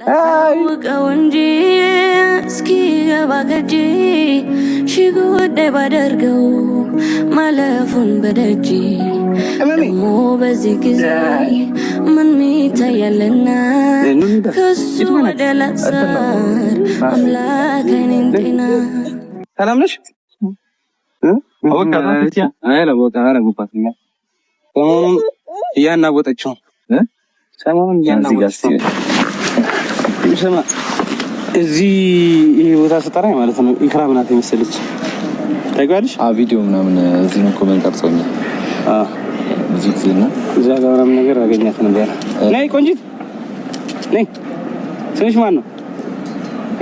ላሳውቀው እንጂ እስኪ ገባ ከእጄ ሺ ጉዳይ ባደርገው ማለፉን በዚህ ጊዜ ምን ይታያልና ከሱ ወደ ላሳር አምላክ አይኔን ጤና ሰላም ነሽ? ሰሞኑን እያናወጠችው ሰሞኑን እያናወጠችው ስማ እዚህ ይሄ ቦታ ስጠራኝ ማለት ነው ኢክራም ናት የመሰለች ታውቂዋለሽ? ቪዲዮ ምናምን እዚህ ነው እኮ መንቀርጾኛ ብዙ ጊዜ ነው እዛ ጋር ምናምን ነገር አገኛት ነበር። ነይ ቆንጂት ነይ። ስምሽ ማን ነው?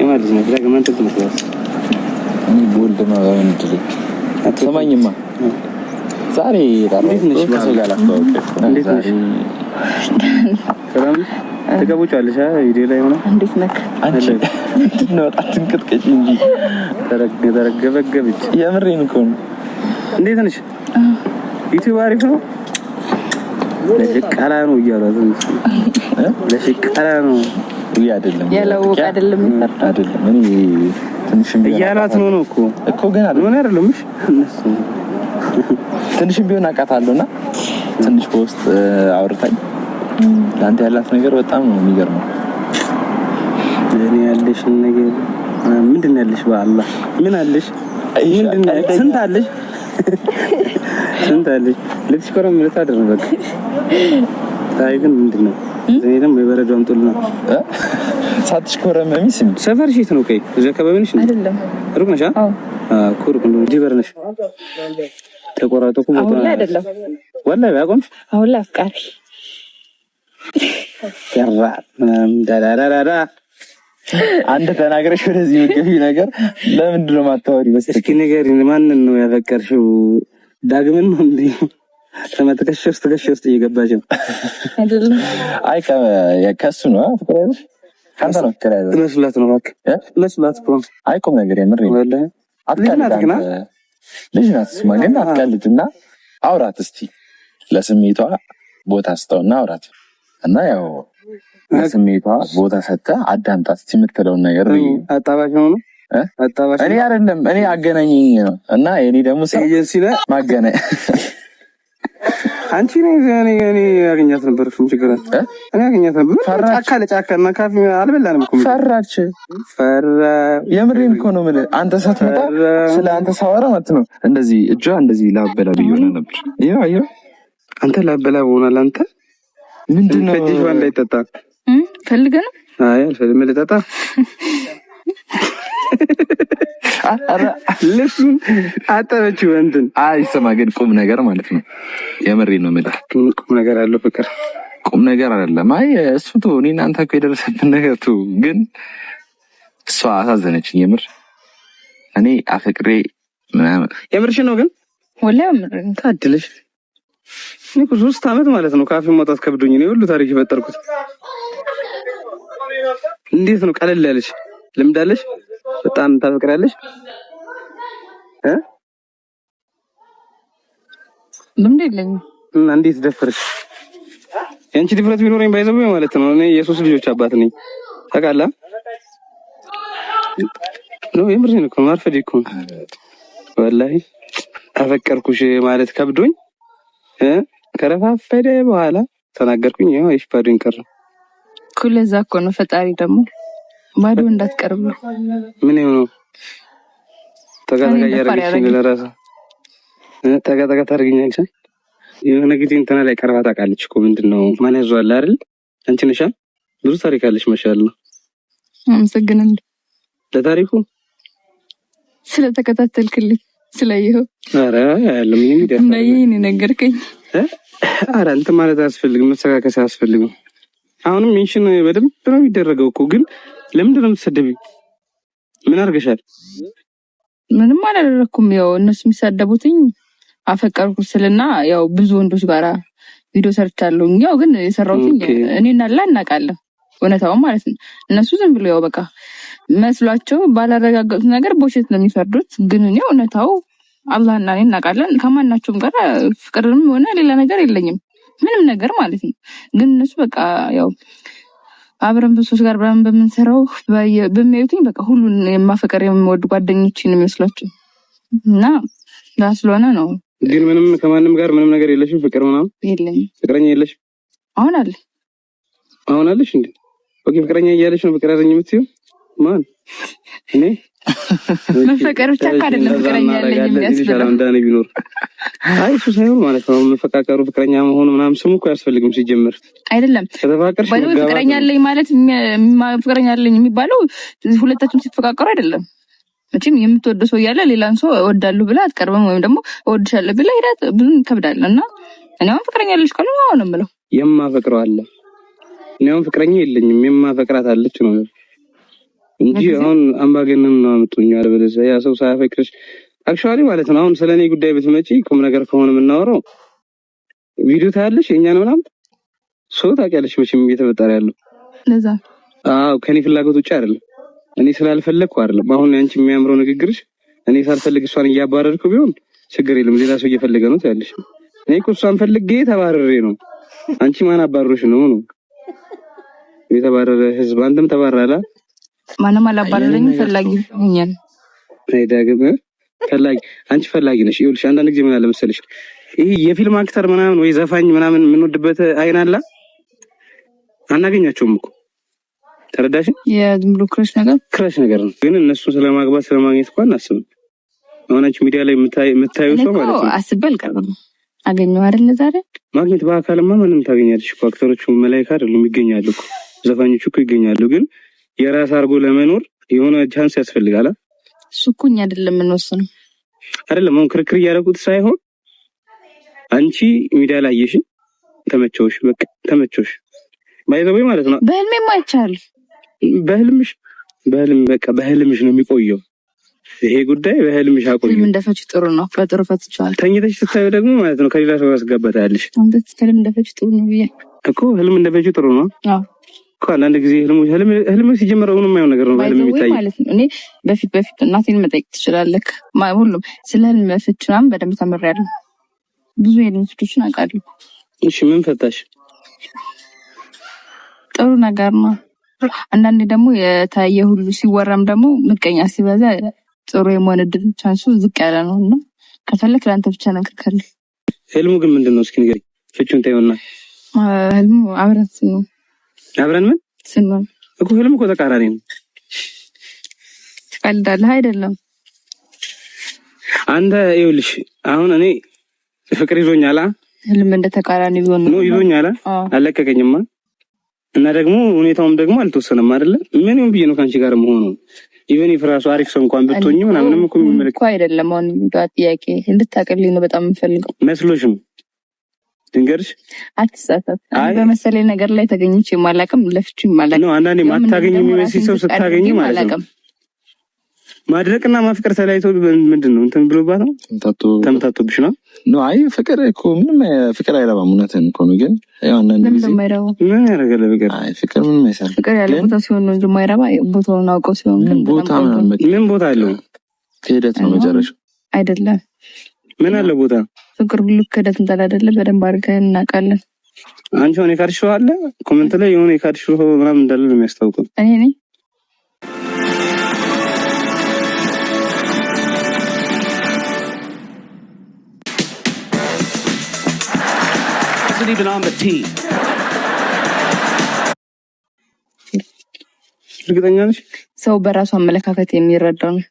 የማልጅ ነው ዳግ መንጥቅ ምክንያት እኔ ቦልድ ማባን ድልክ አትሰማኝማ። ዛሬ ዳር ነሽ? ባሰጋላ ነው እንዴት ነሽ? ሰላም ትገቡጫለሽ ቪዲዮ ላይ ሆነ እንዴት ነክ አንቺ ነው በጣም ትንቅጥቀጭ እንጂ ተረገበገብች። የምሬን እኮ ነው። እንዴት ነሽ? ዩቲዩብ አሪፍ ነው። ለሽቀላ ነው እያሏት ለሽቀላ ነው አይደለም ያለውቅ አይደለም አይደለም ቢሆን እያሏት ነው ነው እኮ እኮ ግን አይደለም አይደለም እሺ ትንሽም ቢሆን አውቃታለሁና ትንሽ በውስጥ አውርታኝ ለአንተ ያላት ነገር በጣም ነው የሚገርመው። ለእኔ ያለሽን ነገር ምንድን ነው ያለሽ? በአላህ ምን አለሽ? ስንት አለሽ? ስንት አለሽ? ልብስ ኮረም ልታደር ነው በቃ። ታይ ግን ምንድን ነው እኔ ደግሞ የበረዶ አምጡልና ሳትሽ ኮረም የሚስም ሰፈር ሽት ነው። ቀይ እዚህ አካባቢ ነሽ? አይደለም ሩቅ ነሽ? አዎ ኩርቅ ነው ዲበር ነሽ? ተቆራጠኩ ቦታ አይደለም ወላሂ አቆምሽ? አሁን ላይ አፍቃሪ አንድ ተናገረሽ ወደዚህ ወገፊ ነገር ለምንድን ነው ማታወሪ? እስኪ ንገሪን፣ ማንን ነው ያፈቀርሽው? ዳግምን ነው እንዲ ከመትከሽ ውስጥ ከሽ ውስጥ እየገባች ነው። አይ ከሱ ነው ፍቅር ነው ፍቅር መስላት ነው እባክህ መስላት እኮ አይ ቁም ነገር የምር አትቀልድም። ልጅ ናት ስማ፣ ግን አትቀልድና አውራት እስቲ ለስሜቷ ቦታ ስጠውና አውራት እና ያው ስሜቷ ቦታ ሰጠ አዳምጣት የምትለውን ነገር አጣባሽ ነው። እኔ አይደለም እኔ አገናኝ ነው እና እኔ ደግሞ ኤጀንሲ ማገናኝ አንቺ አገኛት ነበር። እሱን ችግር እኔ ያገኛት ነበር። ጫካ ለጫካ እና ካፌ አልበላንም እኮ ፈራች። የምሬን እኮ ነው የምልህ። አንተ ሳትመጣ ስለ አንተ ሳወራ ማለት ነው እንደዚህ እጇ እንደዚህ ላበላ ብዬ ሆነ ነበር። አንተ ላበላ ሆናል አንተ ምንድን ነው እንዳይጠጣ ፈልገን ልጠጣ ልብሱን አጠበችው እንትን አይሰማ ግን ቁም ነገር ማለት ነው። የምሬ ነው የምልህ ቁም ነገር አለው ፍቅር ቁም ነገር አይደለም። አይ እሱ ቶ እኔ እናንተ እኮ የደረሰብን ነገር ቱ ግን እሷ አሳዘነችኝ። የምር እኔ አፈቅሬ ምናምን የምርሽ ነው ግን ወላ ምር ሶስት አመት ማለት ነው። ካፌ መውጣት ከብዶኝ ነው ሁሉ ታሪክ የፈጠርኩት። እንዴት ነው ቀለል ያለሽ ልምድ አለሽ? በጣም ታፈቅራለሽ? ልምድ የለኝም እና እንዴት ደፈርሽ? የአንቺ ድፍረት ቢኖረኝ ባይዘው ማለት ነው። እኔ የሶስት ልጆች አባት ነኝ ታውቃለህ። ነው የምሬን ነው ማርፈድ እኮ ወላሂ አፈቀርኩሽ ማለት ከብዶኝ ከረፋፈደ በኋላ ተናገርኩኝ። ይኸው ይሽ ባዶኝ ቀረ። ኩለዛ እኮ ነው ፈጣሪ ደግሞ ማዶ እንዳትቀርብ ነው። ምን ነው ተጋተጋ እያደረግሽ ለራሳ ተጋተጋ ታደርግኛለች። የሆነ ጊዜ እንትና ላይ ቀርባ ታውቃለች እኮ ምንድን ነው ማን ያዟል አይደል? አንቺ ነሻ። ብዙ ታሪክ አለሽ መሻል ነው። አመሰግናለሁ ለታሪኩ ስለተከታተልክልኝ ስለይህ ስለየው እንዳየኝ የነገርከኝ አረ እንትን ማለት አያስፈልግም፣ መሰካከስ አያስፈልግም። አሁንም ሜንሽን በደንብ ነው የሚደረገው እኮ ግን ለምንድን ነው የምትሰደቢ? ምን አድርገሻል? ምንም አላደረግኩም። ያው እነሱ የሚሳደቡትኝ አፈቀርኩ ስልና ያው ብዙ ወንዶች ጋራ ቪዲዮ ሰርቻለሁ። ያው ግን የሰራሁትኝ እኔና ላ እናውቃለን እውነታውን ማለት ነው። እነሱ ዝም ብሎ ያው በቃ መስሏቸው ባላረጋገጡት ነገር በውሸት ነው የሚፈርዱት። ግን እኔ እውነታው አላህና እኔ እናውቃለን። ከማናቸውም ጋር ፍቅርም ሆነ ሌላ ነገር የለኝም ምንም ነገር ማለት ነው። ግን እነሱ በቃ ያው አብረን ብሶች ጋር ብረን በምንሰራው በሚያዩትኝ በቃ ሁሉን የማፈቀር የምወድ ጓደኞችን የሚመስሏቸው እና ስለሆነ ነው። ግን ምንም ከማንም ጋር ምንም ነገር የለሽም? ፍቅር ምናምን የለኝም። ፍቅረኛ የለሽም? አሁን አለ አሁን አለሽ እንዴ? ኦኬ፣ ፍቅረኛ እያለሽ ነው ፍቅር ያለኝ የምትይው ማን እኔ መፈቀር ብቻ እኮ አይደለም ፍቅረኛ ያለኝ የሚያስብለው እንዳኔ ቢኖር አይ እሱ ሳይሆን ማለት ነው መፈቃቀሩ ፍቅረኛ መሆኑ ምናምን ስሙ እኮ አያስፈልግም ሲጀምር አይደለም ከተፋቀርሽ ፍቅረኛ ያለኝ ማለት ፍቅረኛ ያለኝ የሚባለው ሁለታችሁም ሲፈቃቀሩ አይደለም መቼም የምትወደ ሰው እያለ ሌላን ሰው እወዳለሁ ብለህ አትቀርበም ወይም ደግሞ እወድሻለሁ ብለህ ሄዳት ብዙ ይከብዳል እና እኔም ፍቅረኛ ያለሽ ካሉ አሁን ምለው የማፈቅረው አለ እኔም ፍቅረኛ የለኝም የማፈቅራት አለች ነው እንጂ አሁን አምባገነን ነው አምጡኝ አለበለዚያ ያ ሰው ሳያፈቅርሽ አክቹዋሊ ማለት ነው። አሁን ስለ እኔ ጉዳይ ብትመጪ ቁም ነገር ከሆነ የምናወራው ቪዲዮ ታያለሽ፣ የእኛን ምናምን ሰው ታውቂያለሽ፣ መቼም እየተፈጠረ ያለው ለዛ። አዎ ከኔ ፍላጎት ውጭ አይደለም። እኔ ስላልፈለግኩ አይደለም። አሁን አንቺ የሚያምረው ንግግርሽ እኔ ሳልፈልግ እሷን እያባረርኩ ቢሆን ችግር የለም፣ ሌላ ሰው እየፈለገ ነው ትያለሽ። እኔ እኮ እሷን ፈልጌ ተባረሬ ነው። አንቺ ማን አባረሮሽ ነው ነው የተባረረ ህዝብ። አንተም ተባራላ ማንም አላባረረኝም። ፈላጊ ሆኛል። ዳግም ፈላጊ አንቺ ፈላጊ ነሽ። ይኸውልሽ አንዳንድ ጊዜ ምን አለ መሰለሽ ይህ የፊልም አክተር ምናምን ወይ ዘፋኝ ምናምን የምንወድበት አይን አላ አናገኛቸውም እኮ ተረዳሽን? የዝም ብሎ ክረሽ ነገር ክረሽ ነገር ነው። ግን እነሱ ስለማግባት ስለማግኘት እኮ አናስብም። አሁናች ሚዲያ ላይ የምታዩ ሰው ማለት ነው አስቤ አልቀርብም። አገኘሁ አይደል ዛሬ ማግኘት በአካልማ ምንም ታገኛለሽ። አክተሮቹ መላይካ አይደሉም፣ ይገኛሉ። ዘፋኞቹ እኮ ይገኛሉ ግን የራስ አድርጎ ለመኖር የሆነ ቻንስ ያስፈልጋል። እሱ እኮ እኛ አይደለም የምንወስነው አይደለም። አሁን ክርክር እያደረጉት ሳይሆን አንቺ ሚዲያ ላይ አየሽኝ፣ ተመቸውሽ፣ በቃ ተመቸውሽ ባይዘቦይ ማለት ነው። በህልሜ ማይቻል በህልምሽ በህልም በቃ በህልምሽ ነው የሚቆየው ይሄ ጉዳይ በህልምሽ አቆዩ። ህልም እንደፈች ጥሩ ነው፣ በጥሩ ፈትቼዋለሁ። ተኝተሽ ስታዩ ደግሞ ማለት ነው ከሌላ ሰው ያስገባታለሽ። ህልም እንደፈች ጥሩ ነው ብዬ እኮ ህልም እንደፈች ጥሩ ነው አዎ አንዳንድ ጊዜ ህልም ሲጀመረ ሆኖ የማየው ነገር ነው ማለት ነው። እኔ በፊት በፊት እናቴን መጠየቅ ትችላለህ። ሁሉም ስለ ህልም በፊት ምናምን በደንብ ተምሬያለሁ። ብዙ የህልም ፍቾችን አውቃለሁ። እሺ ምን ፈታሽ? ጥሩ ነገር ነው። አንዳንዴ ደግሞ የታየ ሁሉ ሲወራም ደግሞ ምቀኛ ሲበዛ ጥሩ የመሆን እድል ቻንሱ ዝቅ ያለ ነው እና ከፈለክ ለአንተ ብቻ ነክርከል። ህልሙ ግን ምንድን ነው? እስኪ ንገሪኝ ፍቹን ታይሆና ህልሙ አብረት ነው አብረን ምን ስንሆን እኮ ህልም እኮ ተቃራኒ ነው። ትቀልዳለህ አይደለም አንተ። ይኸውልሽ አሁን እኔ ፍቅር ይዞኛላ ህልም እንደ ተቃራኒ ቢሆን ነው ይዞኛላ። አለቀቀኝማ እና ደግሞ ሁኔታውም ደግሞ አልተወሰነም አይደለ? ምን ይሁን ብዬ ነው ከአንቺ ጋር መሆኑ። ኢቨን ፍራሱ አሪፍ ሰው እንኳን ብትሆኝ ምናምንም እኮ የሚመለክ አይደለም። አሁን ጥያቄ እንድታቀልኝ ነው በጣም የምፈልገው መስሎሽም ድንገርሽ አትሳሳት። በመሰለኝ ነገር ላይ ተገኝቼ የማላቅም ለፍቼ ነው። አንዳንዴ ማታገኝ የሚመስል ሰው ስታገኝ ማለት ነው። ማድረቅና ማፍቀር ተለያይቶ ምንድን ነው እንትን ብሎባት ነው ተምታቶብሽ ነው? አይ ፍቅር እኮ ምንም ፍቅር አይረባም። እውነትህን እኮ ነው። ግን አንዳንድ ጊዜ ምን ያደርጋል ፍቅር ፍቅር ምንም አይሰራም። ፍቅር ያለ ቦታ ሲሆን ነው እንጂ የማይረባ ቦታውን አውቀው ሲሆን ቦታ ምን ቦታ አለው? ክህደት ነው መጨረሻው። አይደለም ምን አለ ቦታ ፍቅር ሁሉ ክደት እንዳላደለ በደንብ አድርገን እናውቃለን። አንቺ ሆነ የካድሽው አለ ኮመንት ላይ የሆነ የካድሽው ምናምን እንዳለ ነው የሚያስታውቀው። እኔ ነኝ እርግጠኛ ነሽ? ሰው በራሱ አመለካከት የሚረዳው ነው።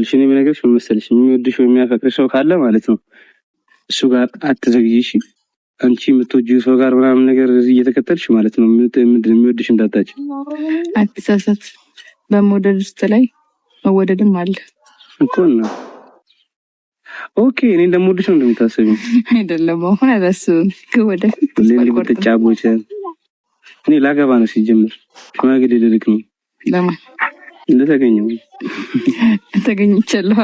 ልሽ እኔ ብነግርሽ መሰለሽ የሚወድሽ የሚያፈቅርሽ ሰው ካለ ማለት ነው እሱ ጋር አትዘግይሽ። አንቺ የምትወጂው ሰው ጋር ምናምን ነገር እየተከተልሽ ማለት ነው የሚወድሽ እንዳታች አትሳሳት። በመወደድ ውስጥ ላይ መወደድም አለ እኮ ነው። ኦኬ እኔ እንደምወድሽ ነው እንደምታስብ አይደለም። አሁን አላስብም፣ ግን ልትጫቦች እኔ ላገባ ነው ሲጀምር ሽማግሌ ልልክ ነው ለማን እንደተገኘው ተገኝቻለሁ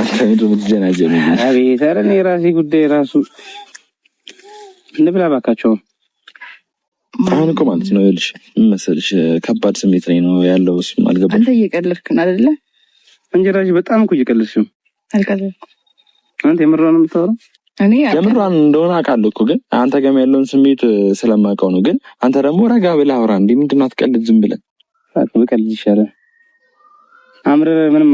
አካሄዱ አቤት! ኧረ እኔ የራሴ ጉዳይ ራሱ እንብላ እባካቸው። አሁን እኮ ማለት ነው ይኸውልሽ፣ መሰልሽ ከባድ ስሜት ላይ ነው ያለው። እሱም አልገባሽም። አንተ እየቀለድክን አይደለ? እንጀራሽ በጣም እኮ እየቀለድሽ ነው። አልቀለድኩም። አንተ የምሯን የምታወራው እኔ የምሯን እንደሆነ አውቃለሁ እኮ ግን አንተ ጋርም ያለውን ስሜት ስለማውቀው ነው። ግን አንተ ደግሞ ረጋ ብለህ አውራ እንዴ። ምንድን ነው አትቀልድ? ዝም ብለህ ብቀልድ ይሻላል አምርር ምንም